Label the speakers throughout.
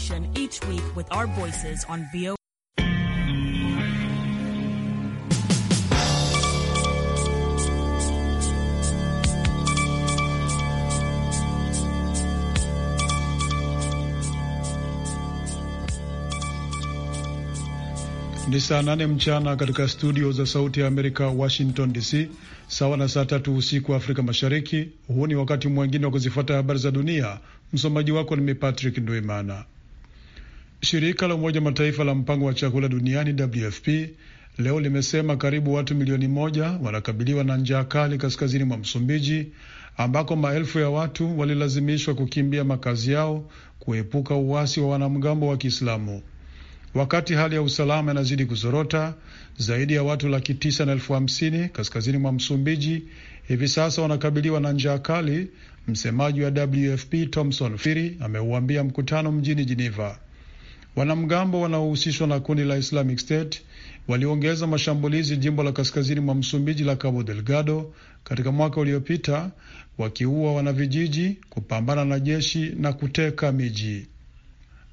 Speaker 1: conversation each week with our voices on VO. Ni saa
Speaker 2: nane mchana katika studio za Sauti ya Amerika, Washington DC, sawa na saa tatu usiku wa Afrika Mashariki. Huu ni wakati mwengine wa kuzifuata habari za dunia. Msomaji wako ni mimi Patrick Nduimana. Shirika la Umoja Mataifa la mpango wa chakula duniani WFP leo limesema karibu watu milioni moja wanakabiliwa na njaa kali kaskazini mwa Msumbiji ambako maelfu ya watu walilazimishwa kukimbia makazi yao kuepuka uwasi wa wanamgambo wa Kiislamu. Wakati hali ya usalama inazidi kuzorota, zaidi ya watu laki tisa na elfu hamsini kaskazini mwa Msumbiji hivi sasa wanakabiliwa na njaa kali. Msemaji wa WFP Thomson Firi ameuambia mkutano mjini jiniva Wanamgambo wanaohusishwa na kundi la Islamic State waliongeza mashambulizi jimbo la kaskazini mwa Msumbiji la Cabo Delgado katika mwaka uliopita, wakiua wanavijiji, kupambana na jeshi na kuteka miji.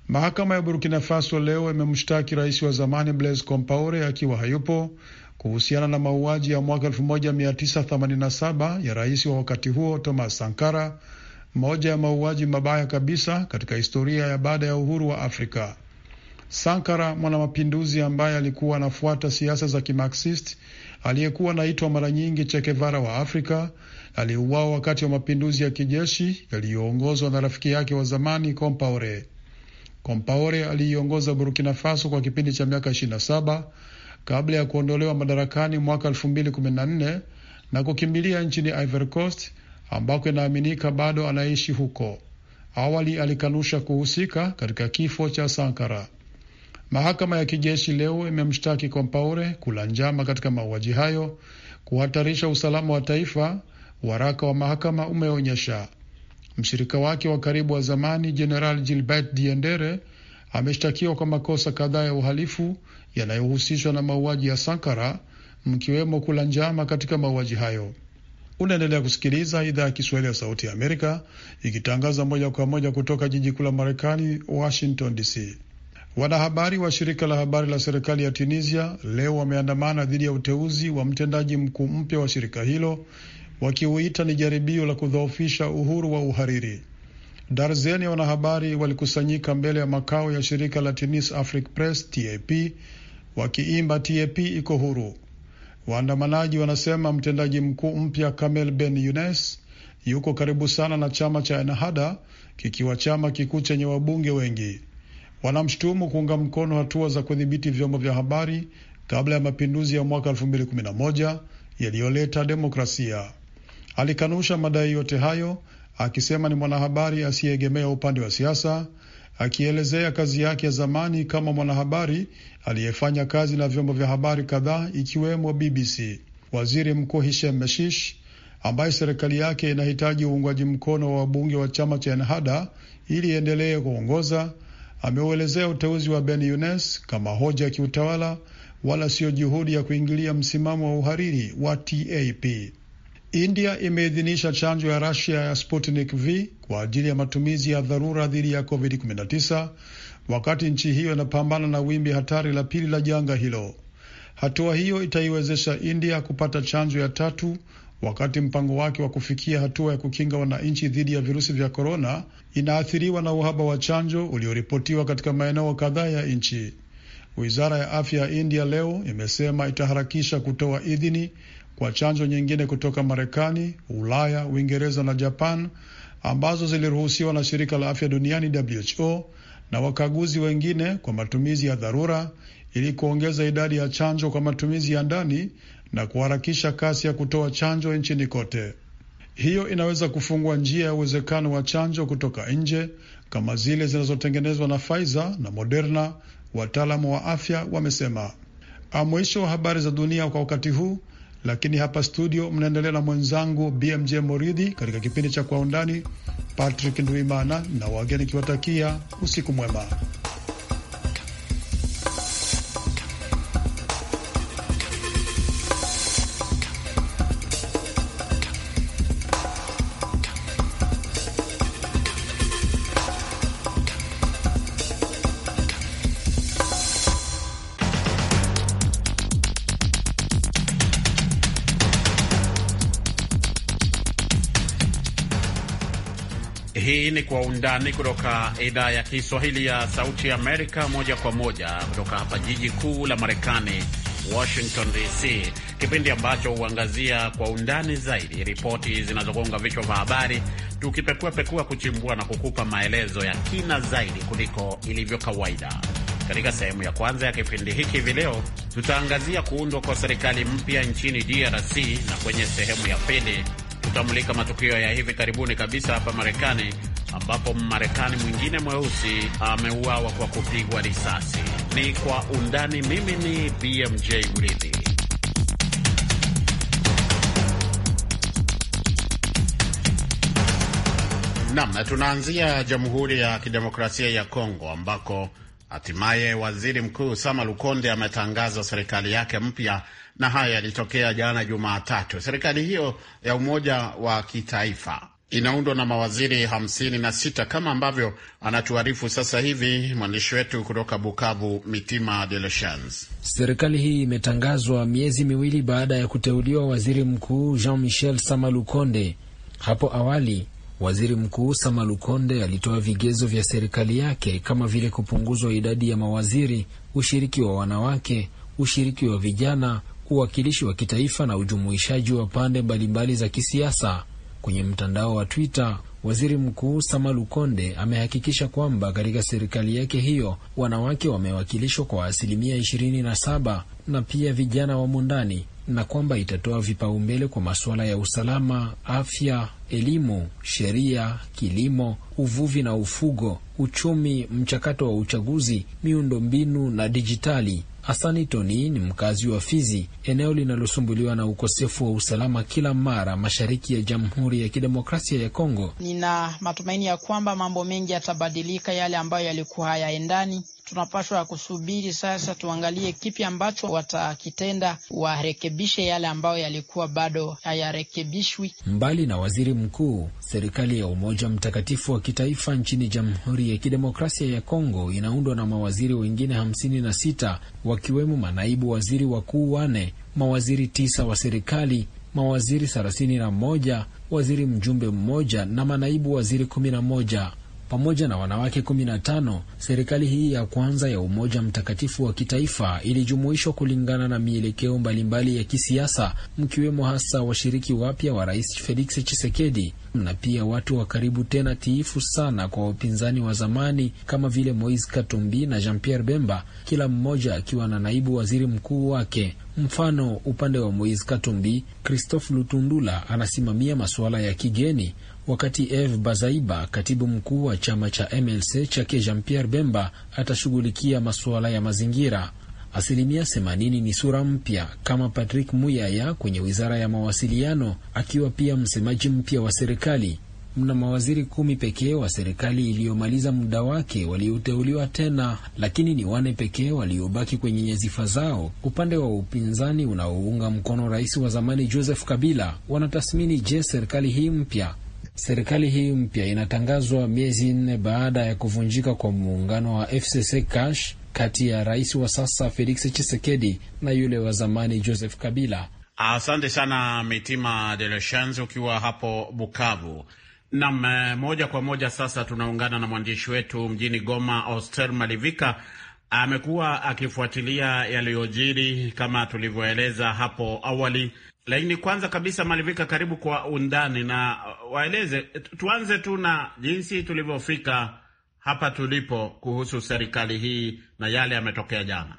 Speaker 2: Mahakama ya Burkina Faso leo imemshtaki rais wa zamani Blaise Compaore akiwa hayupo kuhusiana na mauaji ya mwaka 1987 ya rais wa wakati huo Thomas Sankara, moja ya mauaji mabaya kabisa katika historia ya baada ya uhuru wa Afrika. Sankara, mwanamapinduzi ambaye alikuwa anafuata siasa za Kimaksist, aliyekuwa anaitwa mara nyingi Chekevara wa Afrika, aliuawa wakati wa mapinduzi ya kijeshi yaliyoongozwa na rafiki yake wa zamani Compaore. Compaore aliiongoza Burkina Faso kwa kipindi cha miaka 27 kabla ya kuondolewa madarakani mwaka 2014 na kukimbilia nchini Ivory Coast ambako inaaminika bado anaishi huko. Awali alikanusha kuhusika katika kifo cha Sankara. Mahakama ya kijeshi leo imemshtaki Compaore kula njama katika mauaji hayo kuhatarisha usalama wa taifa, waraka wa mahakama umeonyesha. Mshirika wake wa karibu wa zamani Jeneral Gilbert Diendere ameshtakiwa kwa makosa kadhaa ya uhalifu yanayohusishwa na mauaji ya Sankara, mkiwemo kula njama katika mauaji hayo. Unaendelea kusikiliza idhaa ya Kiswahili ya Sauti ya Amerika ikitangaza moja kwa moja kutoka jiji kuu la Marekani, Washington DC. Wanahabari wa shirika la habari la serikali ya Tunisia leo wameandamana dhidi ya uteuzi wa mtendaji mkuu mpya wa shirika hilo wakiuita ni jaribio la kudhoofisha uhuru wa uhariri. Darzeni ya wanahabari walikusanyika mbele ya makao ya shirika la Tunis Afric Press TAP wakiimba TAP iko huru. Waandamanaji wanasema mtendaji mkuu mpya Kamel Ben Younes yuko karibu sana na chama cha Ennahda, kikiwa chama kikuu chenye wabunge wengi wanamshutumu kuunga mkono hatua za kudhibiti vyombo vya habari kabla ya mapinduzi ya mwaka 2011 yaliyoleta demokrasia. Alikanusha madai yote hayo akisema ni mwanahabari asiyeegemea upande wa siasa, akielezea kazi yake ya zamani kama mwanahabari aliyefanya kazi na vyombo vya habari kadhaa ikiwemo BBC. Waziri Mkuu Hisham Meshish ambaye serikali yake inahitaji uungwaji mkono wa wabunge wa chama cha Ennahda ili iendelee kuongoza ameuelezea uteuzi wa Ben Younes kama hoja ya kiutawala wala siyo juhudi ya kuingilia msimamo wa uhariri wa TAP. India imeidhinisha chanjo ya Russia ya Sputnik V kwa ajili ya matumizi ya dharura dhidi ya COVID-19 wakati nchi hiyo inapambana na wimbi hatari la pili la janga hilo. Hatua hiyo itaiwezesha India kupata chanjo ya tatu wakati mpango wake wa kufikia hatua ya kukinga wananchi dhidi ya virusi vya korona inaathiriwa na uhaba wa chanjo ulioripotiwa katika maeneo kadhaa ya nchi. Wizara ya afya ya India leo imesema itaharakisha kutoa idhini kwa chanjo nyingine kutoka Marekani, Ulaya, Uingereza na Japan ambazo ziliruhusiwa na shirika la afya duniani WHO na wakaguzi wengine kwa matumizi ya dharura ili kuongeza idadi ya chanjo kwa matumizi ya ndani na kuharakisha kasi ya kutoa chanjo nchini kote. Hiyo inaweza kufungua njia ya uwezekano wa chanjo kutoka nje kama zile zinazotengenezwa na Pfizer na Moderna, wataalamu wa afya wamesema. Ah, mwisho wa habari za dunia kwa wakati huu, lakini hapa studio mnaendelea na mwenzangu BMJ Moridhi katika kipindi cha Kwa Undani. Patrick Ndwimana na wageni kiwatakia usiku mwema.
Speaker 3: undani kutoka idhaa ya Kiswahili ya Sauti Amerika, moja kwa moja kutoka hapa jiji kuu la Marekani, Washington DC, kipindi ambacho huangazia kwa undani zaidi ripoti zinazogonga vichwa vya habari, tukipekuapekua, kuchimbua na kukupa maelezo ya kina zaidi kuliko ilivyo kawaida. Katika sehemu ya kwanza ya kipindi hiki hivi leo tutaangazia kuundwa kwa serikali mpya nchini DRC, na kwenye sehemu ya pili tutamulika matukio ya hivi karibuni kabisa hapa Marekani ambapo Mmarekani mwingine mweusi ameuawa kwa kupigwa risasi. Ni kwa undani. Mimi ni BMJ Mridhi. Nam, tunaanzia Jamhuri ya Kidemokrasia ya Kongo ambako hatimaye waziri mkuu Sama Lukonde ametangaza serikali yake mpya, na haya yalitokea jana Jumatatu. Serikali hiyo ya umoja wa kitaifa inaundwa na mawaziri hamsini na sita kama ambavyo anatuarifu sasa hivi mwandishi wetu kutoka Bukavu, Mitima De
Speaker 1: Serikali hii imetangazwa miezi miwili baada ya kuteuliwa waziri mkuu Jean Michel Samalukonde. Hapo awali waziri mkuu Samalukonde alitoa vigezo vya serikali yake kama vile kupunguzwa idadi ya mawaziri, ushiriki wa wanawake, ushiriki wa vijana, uwakilishi wa kitaifa na ujumuishaji wa pande mbalimbali za kisiasa. Kwenye mtandao wa Twitter, waziri mkuu Sama Lukonde amehakikisha kwamba katika serikali yake hiyo wanawake wamewakilishwa kwa asilimia 27 na pia vijana wamo ndani na kwamba itatoa vipaumbele kwa masuala ya usalama, afya, elimu, sheria, kilimo, uvuvi na ufugo, uchumi, mchakato wa uchaguzi, miundombinu na dijitali hasani Toni ni mkazi wa Fizi, eneo linalosumbuliwa na ukosefu wa usalama kila mara mashariki ya Jamhuri ya Kidemokrasia ya Kongo. Nina matumaini ya kwamba mambo mengi yatabadilika, yale ambayo yalikuwa hayaendani tunapaswa kusubiri sasa, tuangalie kipi ambacho watakitenda, warekebishe yale ambayo yalikuwa bado hayarekebishwi. Mbali na waziri mkuu, serikali ya umoja mtakatifu wa kitaifa nchini Jamhuri ya Kidemokrasia ya Kongo inaundwa na mawaziri wengine hamsini na sita wakiwemo manaibu waziri wakuu wane, mawaziri tisa wa serikali, mawaziri thelathini na moja, waziri mjumbe mmoja na manaibu waziri kumi na moja pamoja na wanawake 15. Serikali hii ya kwanza ya Umoja Mtakatifu wa Kitaifa ilijumuishwa kulingana na mielekeo mbalimbali ya kisiasa, mkiwemo hasa washiriki wapya wa Rais Felix Tshisekedi na pia watu wa karibu tena tiifu sana kwa wapinzani wa zamani kama vile Moise Katumbi na Jean Pierre Bemba, kila mmoja akiwa na naibu waziri mkuu wake. Mfano, upande wa Moise Katumbi, Christophe Lutundula anasimamia masuala ya kigeni wakati Eve Bazaiba, katibu mkuu wa chama cha MLC chake Jean Pierre Bemba, atashughulikia masuala ya mazingira. Asilimia 80 ni sura mpya kama Patrick Muyaya kwenye wizara ya mawasiliano, akiwa pia msemaji mpya wa serikali. Mna mawaziri kumi pekee wa serikali iliyomaliza muda wake walioteuliwa tena, lakini ni wane pekee waliobaki kwenye nyazifa zao. Upande wa upinzani unaounga mkono rais wa zamani Joseph Kabila wanatathmini je, serikali hii mpya Serikali hii mpya inatangazwa miezi nne baada ya kuvunjika kwa muungano wa FCC Cash kati ya rais wa sasa Felix Chisekedi na yule wa zamani Joseph Kabila.
Speaker 3: Asante sana Mitima De Lechans ukiwa hapo Bukavu. Nam, eh, moja kwa moja sasa tunaungana na mwandishi wetu mjini Goma, Oster Malivika. Amekuwa akifuatilia yaliyojiri kama tulivyoeleza hapo awali lakini kwanza kabisa, Malivika, karibu kwa undani na uh, waeleze, tuanze tu na jinsi tulivyofika hapa tulipo kuhusu serikali hii na yale yametokea jana.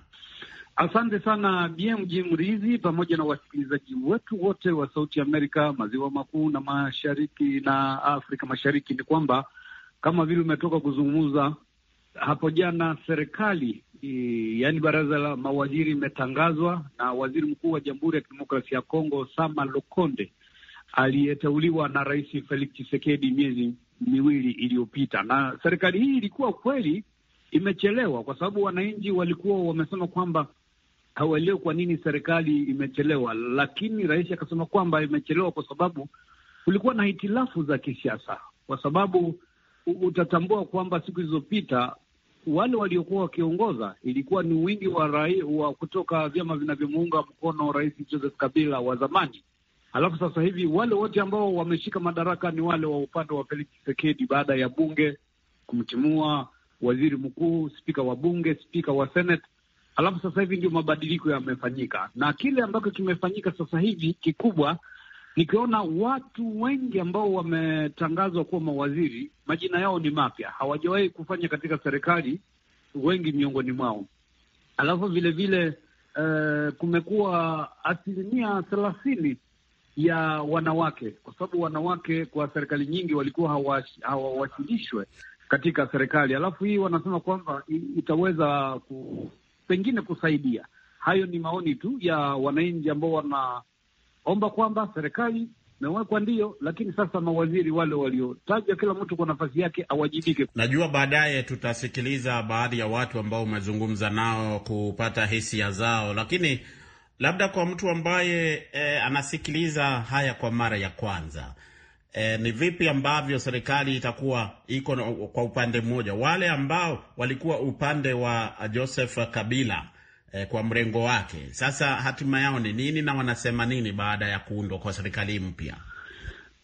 Speaker 4: Asante sana BMG Mrizi pamoja na wasikilizaji wetu wote wa Sauti Amerika, maziwa makuu na mashariki na Afrika Mashariki. Ni kwamba kama vile umetoka kuzungumza hapo jana serikali i, yaani baraza la mawaziri imetangazwa na waziri mkuu wa Jamhuri ya Kidemokrasia ya Kongo Sama Lukonde aliyeteuliwa na Rais Felix Tshisekedi miezi miwili iliyopita. Na serikali hii ilikuwa kweli imechelewa, kwa sababu wananchi walikuwa wamesema kwamba hawaelewi kwa nini serikali imechelewa, lakini rais akasema kwamba imechelewa kwa sababu kulikuwa na hitilafu za kisiasa, kwa sababu utatambua kwamba siku zilizopita wale waliokuwa wakiongoza ilikuwa ni wingi wa rai, wa kutoka vyama vinavyomuunga mkono Rais Joseph Kabila wa zamani. Alafu sasa hivi wale wote ambao wameshika madaraka ni wale wa upande wa Felix Tshisekedi baada ya bunge kumtimua waziri mkuu, spika wa bunge, spika wa Senate. Alafu sasa hivi ndio mabadiliko yamefanyika, na kile ambacho kimefanyika sasa hivi kikubwa nikiona watu wengi ambao wametangazwa kuwa mawaziri majina yao ni mapya, hawajawahi kufanya katika serikali, wengi miongoni mwao. Alafu vilevile vile, uh, kumekuwa asilimia thelathini ya wanawake, kwa sababu wanawake kwa serikali nyingi walikuwa hawawasilishwe katika serikali. Alafu hii wanasema kwamba itaweza ku, pengine kusaidia. Hayo ni maoni tu ya wananchi ambao wana omba kwamba serikali mewekwa ndio lakini sasa mawaziri
Speaker 3: wale waliotaja, kila mtu kwa nafasi yake awajibike. Najua baadaye tutasikiliza baadhi ya watu ambao umezungumza nao kupata hisia zao, lakini labda kwa mtu ambaye e, anasikiliza haya kwa mara ya kwanza e, ni vipi ambavyo serikali itakuwa iko kwa upande mmoja, wale ambao walikuwa upande wa Joseph Kabila eh, kwa mrengo wake. Sasa hatima yao ni nini na wanasema nini baada ya kuundwa kwa serikali mpya?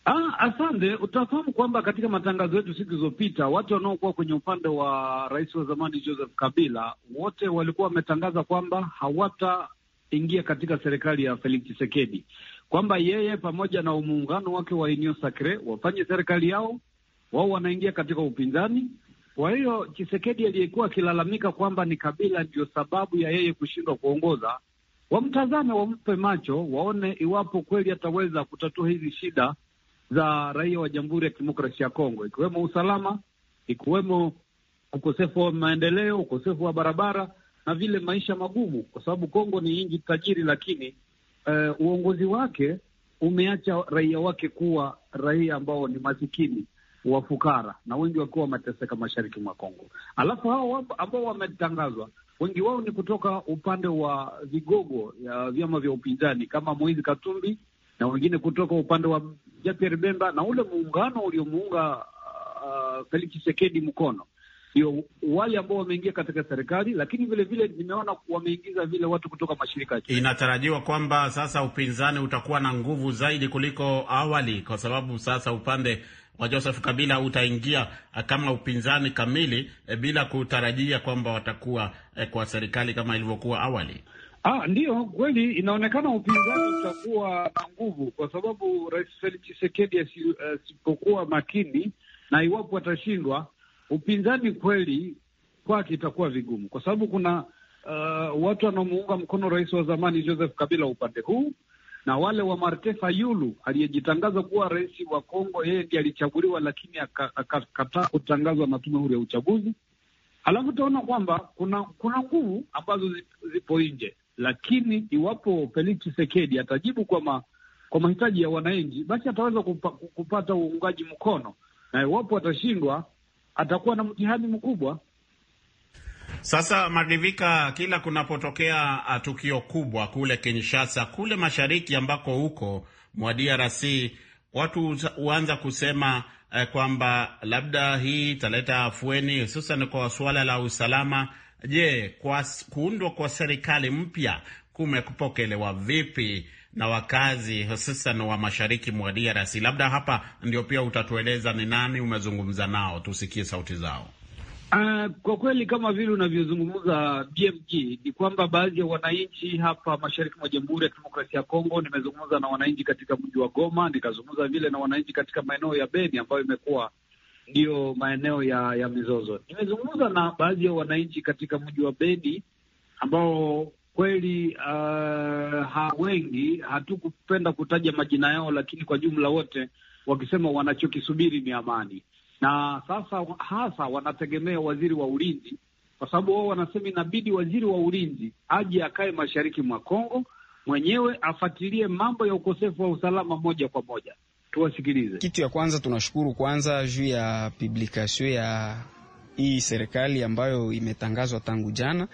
Speaker 3: Ah, asante.
Speaker 4: Utafahamu kwamba katika matangazo yetu siku zilizopita watu wanaokuwa kwenye upande wa rais wa zamani Joseph Kabila wote walikuwa wametangaza kwamba hawataingia katika serikali ya Felix Tshisekedi, kwamba yeye pamoja na muungano wake wa Union Sacre wafanye serikali yao, wao wanaingia katika upinzani, kwa hiyo Chisekedi aliyekuwa akilalamika kwamba ni Kabila ndiyo sababu ya yeye kushindwa kuongoza, wamtazame, wampe macho, waone iwapo kweli ataweza kutatua hizi shida za raia wa Jamhuri ya Kidemokrasia ya Kongo, ikiwemo usalama, ikiwemo ukosefu wa maendeleo, ukosefu wa barabara na vile maisha magumu, kwa sababu Kongo ni nchi tajiri, lakini uh, uongozi wake umeacha raia wake kuwa raia ambao ni masikini wafukara na wengi wakiwa wameteseka mashariki mwa Kongo. Alafu hao ambao wametangazwa wengi wao ni kutoka upande wa vigogo ya vyama vya upinzani kama Moizi Katumbi na wengine kutoka upande wa Japier Bemba na ule muungano uliomuunga uh, uh Felix mkono ndio wale ambao wameingia katika serikali, lakini nimeona vile wameingiza vile watu kutoka mashirika.
Speaker 3: Inatarajiwa kwamba sasa upinzani utakuwa na nguvu zaidi kuliko awali, kwa sababu sasa upande wa Joseph Kabila utaingia eh, kama upinzani kamili e, bila kutarajia kwamba watakuwa e, kwa serikali kama ilivyokuwa awali? Ah, ndiyo kweli, inaonekana upinzani
Speaker 4: utakuwa na nguvu kwa sababu Rais Felix Tshisekedi asipokuwa uh, makini na iwapo atashindwa upinzani kweli kwake itakuwa vigumu, kwa sababu kuna uh, watu wanaomuunga mkono rais wa zamani Joseph Kabila upande huu na wale wa Martin Fayulu aliyejitangaza kuwa rais wa Kongo, yeye ndiye alichaguliwa, lakini akakataa kutangazwa na tume huru ya uchaguzi. alafu utaona kwamba kuna kuna nguvu ambazo zipo nje, lakini iwapo Felix Tshisekedi atajibu kwa kwa mahitaji ya wananchi, basi ataweza kupa, kupata uungaji mkono, na iwapo atashindwa atakuwa na mtihani mkubwa.
Speaker 3: Sasa Marivika, kila kunapotokea ah, tukio kubwa kule Kinshasa, kule mashariki ambako huko mwa DRC, watu huanza kusema eh, kwamba labda hii italeta afueni, hususan kwa suala la usalama. Je, kwa kuundwa kwa serikali mpya kumekupokelewa vipi na wakazi hususan wa mashariki mwa DRC? Labda hapa ndio pia utatueleza ni nani umezungumza nao, tusikie sauti zao.
Speaker 4: Uh, kwa kweli kama vile unavyozungumza BMG ni kwamba baadhi ya wananchi hapa mashariki mwa Jamhuri ya Kidemokrasia ya Kongo, nimezungumza na wananchi katika mji wa Goma, nikazungumza vile na wananchi katika maeneo ya Beni ambayo imekuwa ndiyo maeneo ya, ya mizozo. Nimezungumza na baadhi ya wananchi katika mji wa Beni ambao kweli uh, ha wengi hatukupenda kutaja majina yao, lakini kwa jumla wote wakisema wanachokisubiri ni amani na sasa hasa wanategemea waziri wa ulinzi, kwa sababu wao wanasema inabidi waziri wa ulinzi aje akae mashariki mwa Kongo mwenyewe afuatilie mambo ya ukosefu wa usalama moja kwa moja. Tuwasikilize.
Speaker 5: Kitu ya kwanza tunashukuru kwanza juu ya publikasio ya hii serikali ambayo imetangazwa tangu jana,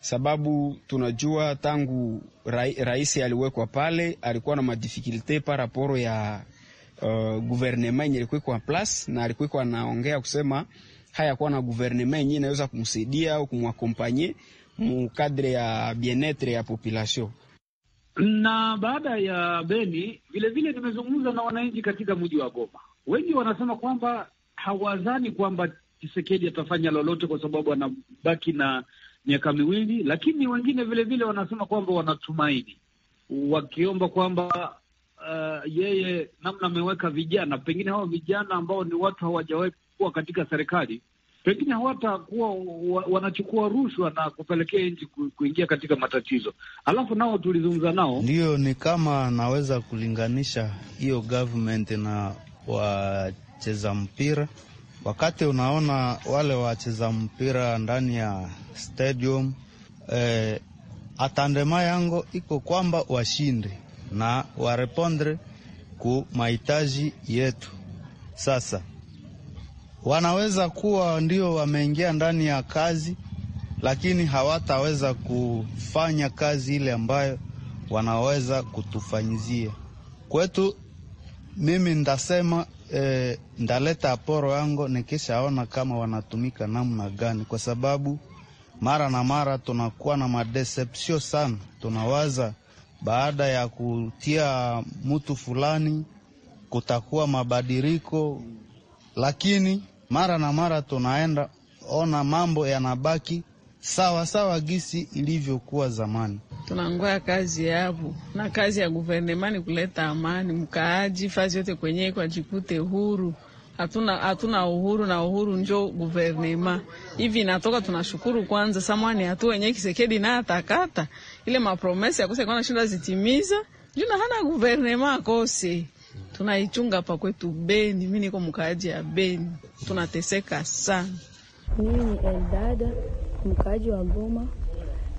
Speaker 5: sababu tunajua tangu rais aliwekwa pale alikuwa na madifikilte paraporo ya uh, guvernema yenye ilikuwa plus na alikuwa anaongea kusema haya kuwa na guvernema yenye inaweza kumsaidia au kumwakompanye mukadre ya bienetre ya population.
Speaker 4: Na baada ya Beni vilevile nimezungumza na wananchi katika mji wa Goma. Wengi wanasema kwamba hawadhani kwamba chisekedi atafanya lolote kwa sababu anabaki na miaka miwili, lakini wengine vilevile wanasema kwamba wanatumaini, wakiomba kwamba uh, yeye namna ameweka vijana, pengine hawa vijana ambao ni watu hawajawahi kuwa katika serikali, pengine hawatakuwa wanachukua rushwa na kupelekea nchi kuingia katika matatizo. Alafu nao tulizungumza nao,
Speaker 5: ndiyo ni kama naweza kulinganisha hiyo government na wacheza mpira wakati unaona wale wacheza mpira ndani ya stadium eh, atandema yango iko kwamba washinde, na warepondre ku mahitaji yetu. Sasa wanaweza kuwa ndio wameingia ndani ya kazi, lakini hawataweza kufanya kazi ile ambayo wanaweza kutufanyizia kwetu. Mimi ndasema e, ndaleta aporo yango nikishaona kama wanatumika namna gani, kwa sababu mara na mara tunakuwa na madeception sana, tunawaza baada ya kutia mtu fulani kutakuwa mabadiliko, lakini mara na mara tunaenda ona mambo yanabaki sawa sawa gisi ilivyokuwa zamani.
Speaker 1: Tunangoya kazi yavo na kazi ya guvernema kuleta amani, mkaaji fazi yote kwenye kwa jikute huru. Hatuna hatuna uhuru na uhuru njo guvernema hivi natoka. Tunashukuru kwanza samani hatu wenye Kisekedi na atakata ile mapromesa ya kosa ikuwa nashinda zitimiza juu hana guvernema akose tunaichunga pa kwetu Beni. Mimi niko mkaaji ya Beni, tunateseka sana.
Speaker 5: Mimi ni Eldada, mkaaji wa Goma,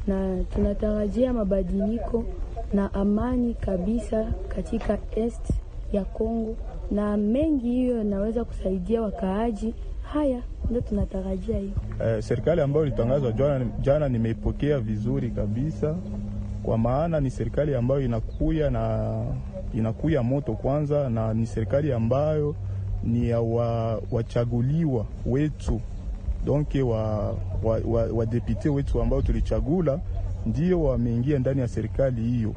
Speaker 5: na tunatarajia mabadiliko na amani kabisa katika est ya Kongo, na mengi hiyo naweza kusaidia wakaaji. Haya ndio tunatarajia hiyo.
Speaker 2: Eh, serikali ambayo ilitangazwa jana, jana nimeipokea vizuri kabisa kwa maana ni serikali ambayo inakuya na inakuya moto kwanza, na ni serikali ambayo ni ya wa, wachaguliwa wetu donke wa, wa, wa, wa wetu ambao tulichagula ndio wameingia ndani ya serikali hiyo.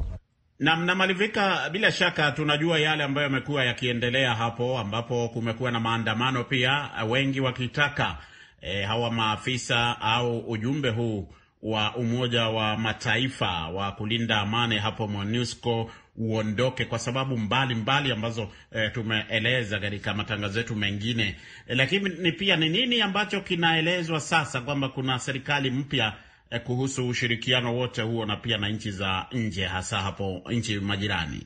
Speaker 3: Na mnamalivika, bila shaka tunajua yale ambayo yamekuwa yakiendelea hapo, ambapo kumekuwa na maandamano pia, wengi wakitaka eh, hawa maafisa au ujumbe huu wa Umoja wa Mataifa wa kulinda amani hapo MONUSCO uondoke kwa sababu mbalimbali mbali ambazo e, tumeeleza katika matangazo yetu mengine e, lakini ni pia ni nini ambacho kinaelezwa sasa kwamba kuna serikali mpya e, kuhusu ushirikiano wote huo na pia na nchi za nje hasa hapo nchi majirani.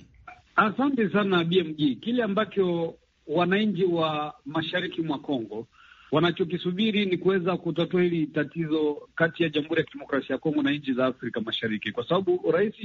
Speaker 4: Asante sana BMG. Kile ambacho wananchi wa mashariki mwa Kongo wanachokisubiri ni kuweza kutatua hili tatizo kati ya Jamhuri ya Kidemokrasia ya Kongo na nchi za Afrika Mashariki, kwa sababu Rais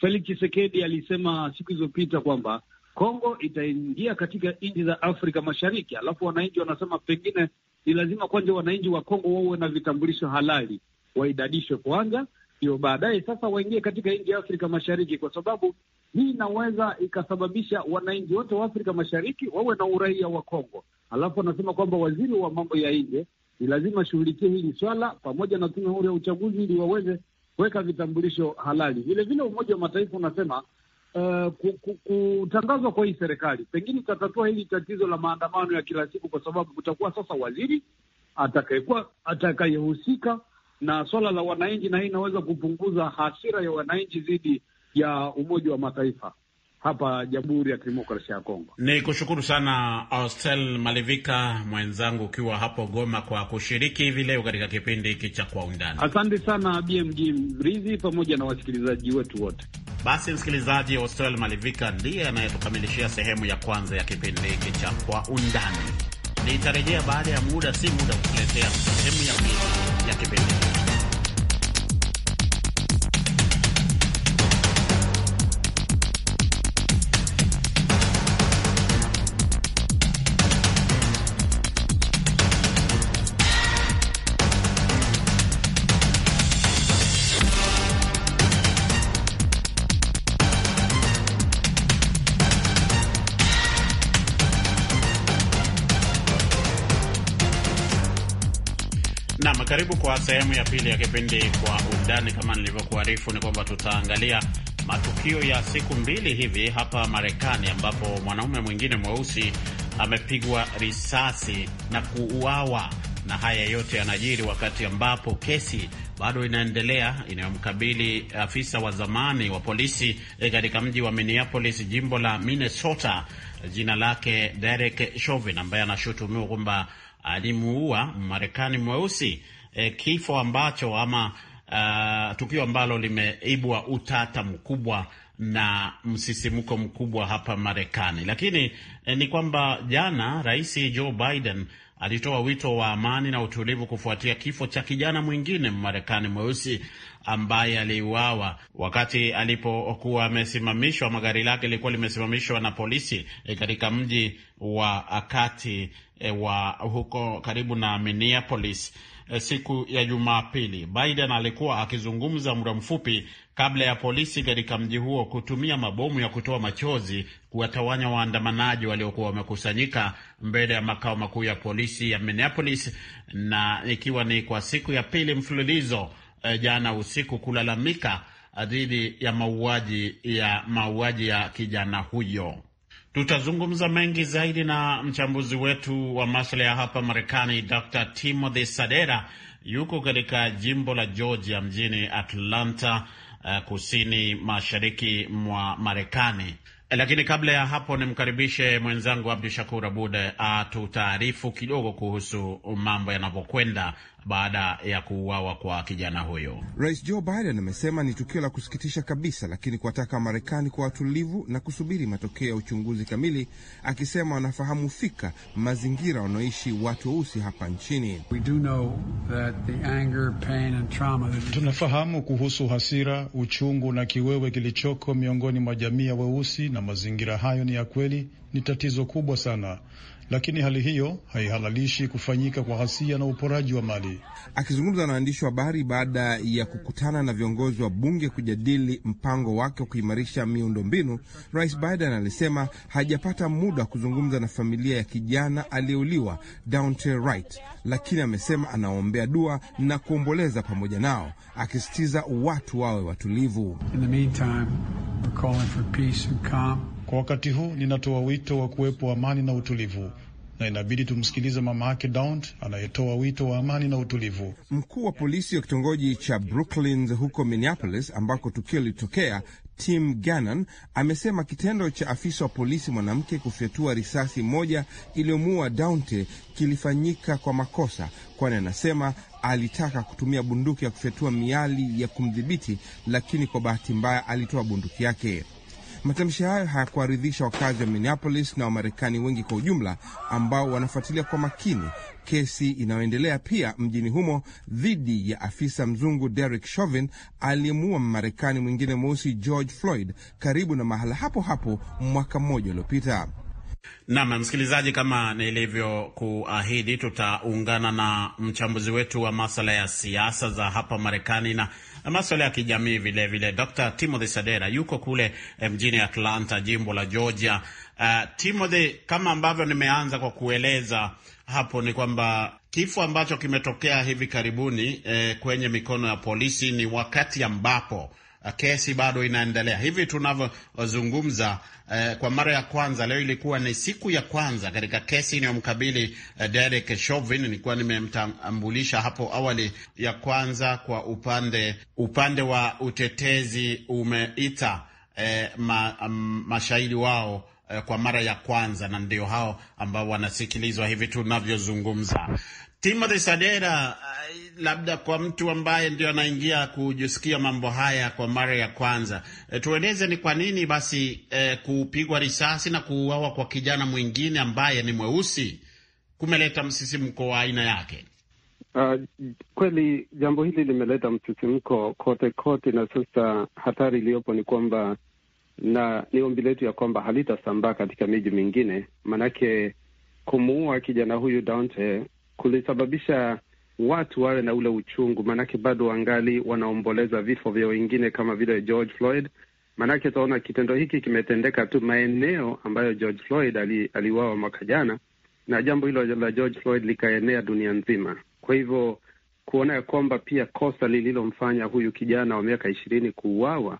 Speaker 4: Felix Tshisekedi alisema siku zilizopita kwamba Kongo itaingia katika nchi za Afrika Mashariki, alafu wananchi wanasema pengine ni lazima kwanza wananchi wa Kongo wawe na vitambulisho halali, waidadishwe kwanza, ndio baadaye sasa waingie katika nchi ya Afrika Mashariki, kwa sababu hii inaweza ikasababisha wananchi wote wa Afrika Mashariki wawe na uraia wa Kongo. Alafu anasema kwamba waziri wa mambo ya nje ni lazima ashughulikie hili swala pamoja na tume huru ya uchaguzi ili waweze kuweka vitambulisho halali. Vilevile Umoja wa Mataifa unasema uh, kutangazwa kwa hii serikali pengine itatatua hili tatizo la maandamano ya kila siku, kwa sababu kutakuwa sasa waziri atakayekuwa atakayehusika na swala la wananchi, na hii inaweza kupunguza hasira ya wananchi dhidi ya Umoja wa Mataifa hapa Jamhuri ya Kidemokrasia ya Kongo.
Speaker 3: Ni kushukuru sana Austel Malivika mwenzangu, ukiwa hapo Goma, kwa kushiriki hivi leo katika kipindi hiki cha Kwa Undani.
Speaker 4: Asante sana BMG Mrizi
Speaker 3: pamoja na wasikilizaji wetu wote. Basi msikilizaji, Austel Malivika ndiye anayetukamilishia sehemu ya kwanza ya kipindi hiki cha Kwa Undani. Nitarejea baada ya muda si muda kukuletea sehemu ya pili ya kipindi hiki. Karibu kwa sehemu ya pili ya kipindi Kwa Undani. Kama nilivyokuarifu, ni kwamba tutaangalia matukio ya siku mbili hivi hapa Marekani, ambapo mwanaume mwingine mweusi amepigwa risasi na kuuawa, na haya yote yanajiri wakati ambapo kesi bado inaendelea inayomkabili afisa wa zamani wa polisi eh, katika mji wa Minneapolis, jimbo la Minnesota, jina lake Derek Chauvin, ambaye anashutumiwa kwamba alimuua Marekani mweusi e, kifo ambacho ama uh, tukio ambalo limeibwa utata mkubwa na msisimko mkubwa hapa Marekani. Lakini eh, ni kwamba jana Rais Joe Biden alitoa wito wa amani na utulivu kufuatia kifo cha kijana mwingine Mmarekani mweusi ambaye aliuawa wakati alipokuwa amesimamishwa, magari lake lilikuwa limesimamishwa na polisi e, katika mji wa kati e, wa huko karibu na Minneapolis Eh, siku ya Jumapili. Biden alikuwa akizungumza muda mfupi kabla ya polisi katika mji huo kutumia mabomu ya kutoa machozi kuwatawanya waandamanaji waliokuwa wamekusanyika mbele ya makao makuu ya polisi ya Minneapolis, na ikiwa ni kwa siku ya pili mfululizo eh, jana usiku kulalamika eh, dhidi ya mauaji ya mauaji ya kijana huyo. Tutazungumza mengi zaidi na mchambuzi wetu wa masuala ya hapa Marekani, Dr Timothy Sadera. Yuko katika jimbo la Georgia mjini Atlanta, uh, kusini mashariki mwa Marekani. Eh, lakini kabla ya hapo nimkaribishe mwenzangu Abdu Shakur Abud eh, atutaarifu kidogo kuhusu mambo yanavyokwenda baada ya kuuawa kwa kijana huyo.
Speaker 6: Rais Joe Biden amesema ni tukio la kusikitisha kabisa, lakini kuwataka Marekani kwa watulivu na kusubiri matokeo ya uchunguzi kamili, akisema wanafahamu fika mazingira wanaoishi watu weusi hapa nchini.
Speaker 2: Tunafahamu kuhusu hasira, uchungu na kiwewe kilichoko miongoni mwa jamii ya weusi, na mazingira hayo ni ya kweli, ni tatizo kubwa sana lakini hali
Speaker 6: hiyo haihalalishi kufanyika kwa ghasia na uporaji wa mali. Akizungumza na waandishi wa habari baada ya kukutana na viongozi wa bunge kujadili mpango wake wa kuimarisha miundombinu, Rais Biden alisema hajapata muda wa kuzungumza na familia ya kijana aliyeuliwa Daunte Wright, lakini amesema anaombea dua na kuomboleza pamoja nao, akisitiza watu wawe watulivu.
Speaker 2: In the meantime, we're calling for peace and calm. Kwa wakati huu ninatoa wito wa kuwepo amani na utulivu na inabidi tumsikilize mama yake Daunt anayetoa wito wa amani na utulivu.
Speaker 6: Mkuu wa polisi wa kitongoji cha Brooklyn huko Minneapolis, ambako tukio lilitokea, Tim Gannon amesema kitendo cha afisa wa polisi mwanamke kufyatua risasi moja iliyomuua Daunte kilifanyika kwa makosa, kwani anasema alitaka kutumia bunduki ya kufyatua miali ya kumdhibiti, lakini kwa bahati mbaya alitoa bunduki yake. Matamshi hayo hayakuwaridhisha wakazi wa Minneapolis na Wamarekani wengi kwa ujumla ambao wanafuatilia kwa makini kesi inayoendelea pia mjini humo dhidi ya afisa mzungu Derek Chauvin aliyemuua Mmarekani mwingine mweusi George Floyd karibu na mahala hapo hapo mwaka mmoja uliopita.
Speaker 3: Nam msikilizaji, kama nilivyokuahidi, tutaungana na mchambuzi wetu wa maswala ya siasa za hapa Marekani na maswala ya kijamii vilevile, Dr Timothy Sadera yuko kule eh, mjini Atlanta, jimbo la Georgia. Uh, Timothy, kama ambavyo nimeanza kwa kueleza hapo ni kwamba kifo ambacho kimetokea hivi karibuni eh, kwenye mikono ya polisi ni wakati ambapo Uh, kesi bado inaendelea hivi tunavyozungumza. Eh, kwa mara ya kwanza leo ilikuwa ni siku ya kwanza katika kesi inayomkabili eh, Derek Chauvin. Nilikuwa nimemtambulisha hapo awali ya kwanza kwa upande upande wa utetezi umeita eh, ma, um, mashahidi wao eh, kwa mara ya kwanza, na ndio hao ambao wanasikilizwa hivi tunavyozungumza. Timothy Sadera uh, labda kwa mtu ambaye ndio anaingia kujisikia mambo haya kwa mara ya kwanza, e, tueleze ni kwa nini basi e, kupigwa risasi na kuuawa kwa kijana mwingine ambaye ni mweusi kumeleta msisimko wa aina yake?
Speaker 7: Uh, kweli jambo hili limeleta msisimko kote kote, na sasa hatari iliyopo ni kwamba, na ni ombi letu ya kwamba halitasambaa katika miji mingine, maanake kumuua kijana huyu Dante kulisababisha watu wawe na ule uchungu, maanake bado wangali wanaomboleza vifo vya wengine kama vile George Floyd. Maanake utaona kitendo hiki kimetendeka tu maeneo ambayo George Floyd aliuawa mwaka jana, na jambo hilo la George Floyd likaenea dunia nzima. Kwa hivyo kuona ya kwamba pia kosa lililomfanya huyu kijana wa miaka ishirini kuuawa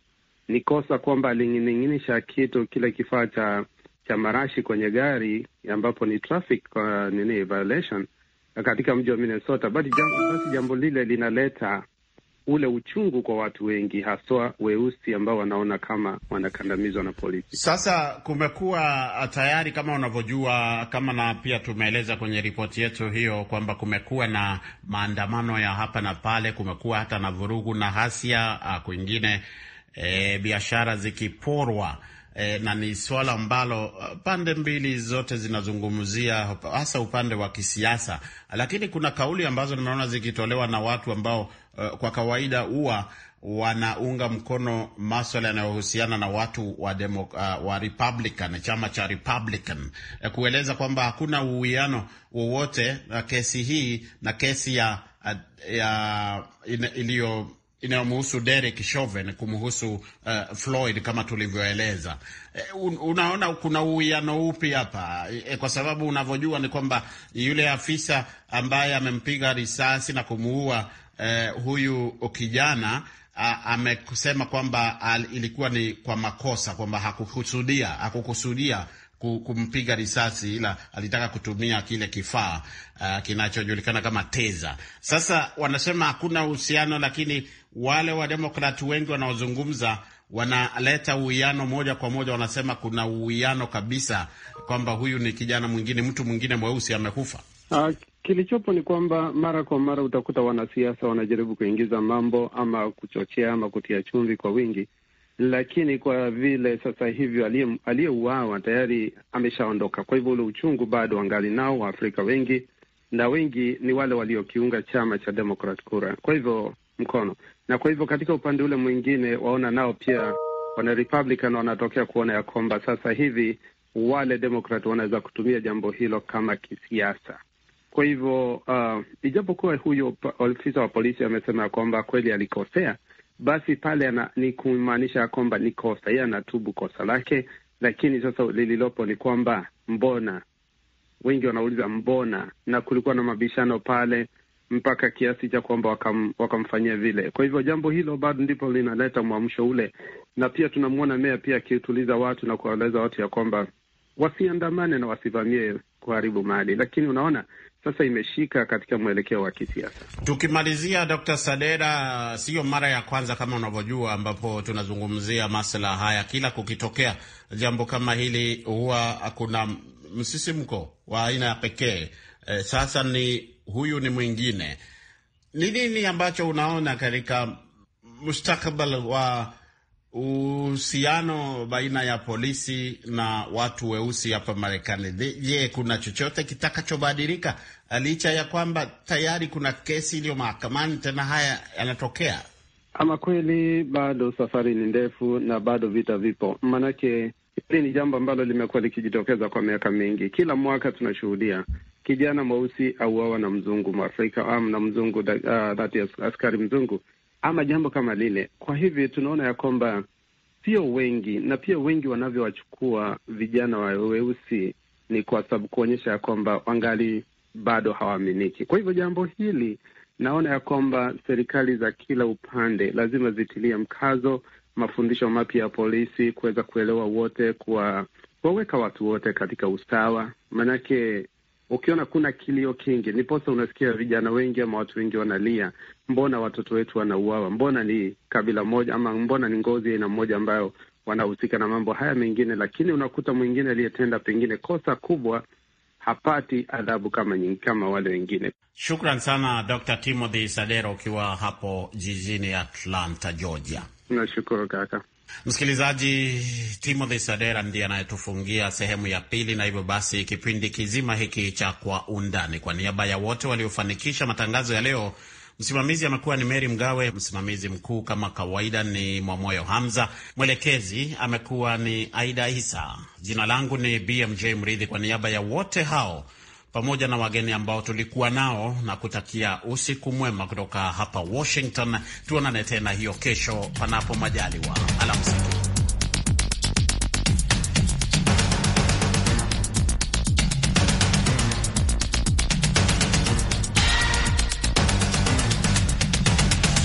Speaker 7: ni kosa kwamba alining'inisha kitu kile kifaa cha cha marashi kwenye gari ambapo ni traffic, uh, nini violation katika mji wa Minnesota. Basi jambo, jambo lile linaleta ule uchungu kwa watu wengi haswa weusi ambao wanaona kama wanakandamizwa na polisi.
Speaker 3: Sasa kumekuwa uh, tayari, kama unavyojua, kama na pia tumeeleza kwenye ripoti yetu hiyo kwamba kumekuwa na maandamano ya hapa na pale, kumekuwa hata na vurugu na hasia uh, kwingine, e, biashara zikiporwa e, na ni swala ambalo eh, pande mbili zote zinazungumzia hasa upande wa kisiasa, lakini kuna kauli ambazo nimeona zikitolewa na watu ambao uh, kwa kawaida huwa wanaunga mkono maswala yanayohusiana na watu wa, demo, uh, wa Republican, chama cha Republican kueleza kwamba hakuna uwiano wowote na kesi hii na kesi ya, ya, ya iliyo inayomhusu Derek Chauvin kumhusu uh, Floyd kama tulivyoeleza. Eh, un, unaona kuna uwiano upi hapa e, kwa sababu unavyojua ni kwamba yule afisa ambaye amempiga risasi na kumuua uh, huyu kijana amesema kwamba ilikuwa ni kwa makosa, kwamba hakukusudia hakukusudia kumpiga risasi, ila alitaka kutumia kile kifaa uh, kinachojulikana kama teza. Sasa wanasema hakuna uhusiano, lakini wale wademokrati wengi wanaozungumza wanaleta uwiano moja kwa moja, wanasema kuna uwiano kabisa kwamba huyu ni kijana mwingine, mtu mwingine mweusi amekufa.
Speaker 7: Uh, kilichopo ni kwamba mara kwa mara utakuta wanasiasa wanajaribu kuingiza mambo ama kuchochea ama kutia chumvi kwa wingi lakini kwa vile sasa hivi aliyeuawa tayari ameshaondoka, kwa hivyo ule uchungu bado wangali nao Waafrika wengi, na wengi ni wale waliokiunga chama cha Democrat kura, kwa hivyo mkono. Na kwa hivyo katika upande ule mwingine, waona nao pia wana Republican wanatokea kuona ya kwamba sasa hivi wale Democrat wanaweza kutumia jambo hilo kama kisiasa. Kwa hivyo uh, ijapokuwa huyo ofisa wa polisi amesema ya kwamba kweli alikosea basi pale ana, ni kumaanisha kwamba ni kosa, yeye anatubu kosa lake. Lakini sasa lililopo ni kwamba mbona, wengi wanauliza mbona, na kulikuwa na mabishano pale mpaka kiasi cha kwamba wakam, wakamfanyia vile. Kwa hivyo jambo hilo bado ndipo linaleta mwamsho ule, na pia tunamwona meya pia akituliza watu na kuwaeleza watu ya kwamba wasiandamane na wasivamie kuharibu mali, lakini unaona sasa imeshika katika mwelekeo wa kisiasa.
Speaker 3: Tukimalizia, Dr. Sadera, siyo mara ya kwanza kama unavyojua, ambapo tunazungumzia masuala haya. Kila kukitokea jambo kama hili, huwa kuna msisimko wa aina ya pekee. E, sasa ni huyu ni mwingine. Ni nini ambacho unaona katika mustakabali wa uhusiano baina ya polisi na watu weusi hapa Marekani. Je, kuna chochote kitakachobadilika licha ya kwamba tayari kuna kesi iliyo mahakamani? Tena haya
Speaker 5: yanatokea
Speaker 7: ama kweli? Bado safari ni ndefu na bado vita vipo, maanake hili ni jambo ambalo limekuwa likijitokeza kwa miaka mingi. Kila mwaka tunashuhudia kijana mweusi auawa na mzungu Mwafrika na mzungu dhati, ah, uh, askari mzungu ama jambo kama lile. Kwa hivyo tunaona ya kwamba sio wengi, na pia wengi wanavyowachukua vijana wa weusi ni kwa sababu kuonyesha ya kwamba wangali bado hawaaminiki. Kwa hivyo jambo hili naona ya kwamba serikali za kila upande lazima zitilie mkazo mafundisho mapya ya polisi, kuweza kuelewa wote, kuwaweka watu wote katika usawa, maanake ukiona kuna kilio kingi, niposa unasikia vijana wengi ama watu wengi wanalia, mbona watoto wetu wanauawa, mbona ni kabila moja ama mbona ni ngozi aina moja ambayo wanahusika na mambo haya mengine, lakini unakuta mwingine aliyetenda pengine kosa kubwa hapati adhabu kama nyingi, kama wale wengine.
Speaker 3: Shukran sana Dr. Timothy Sadera ukiwa hapo jijini Atlanta, Georgia.
Speaker 7: Nashukuru kaka.
Speaker 3: Msikilizaji, Timothy Sadera ndiye anayetufungia sehemu ya pili, na hivyo basi kipindi kizima hiki cha Kwa Undani, kwa niaba ya wote waliofanikisha matangazo ya leo, msimamizi amekuwa ni Meri Mgawe, msimamizi mkuu kama kawaida ni Mwamoyo Hamza, mwelekezi amekuwa ni Aida Isa, jina langu ni BMJ Mridhi. Kwa niaba ya wote hao pamoja na wageni ambao tulikuwa nao, na kutakia usiku mwema kutoka hapa Washington. Tuonane tena hiyo kesho, panapo majaliwa. Alamsiki.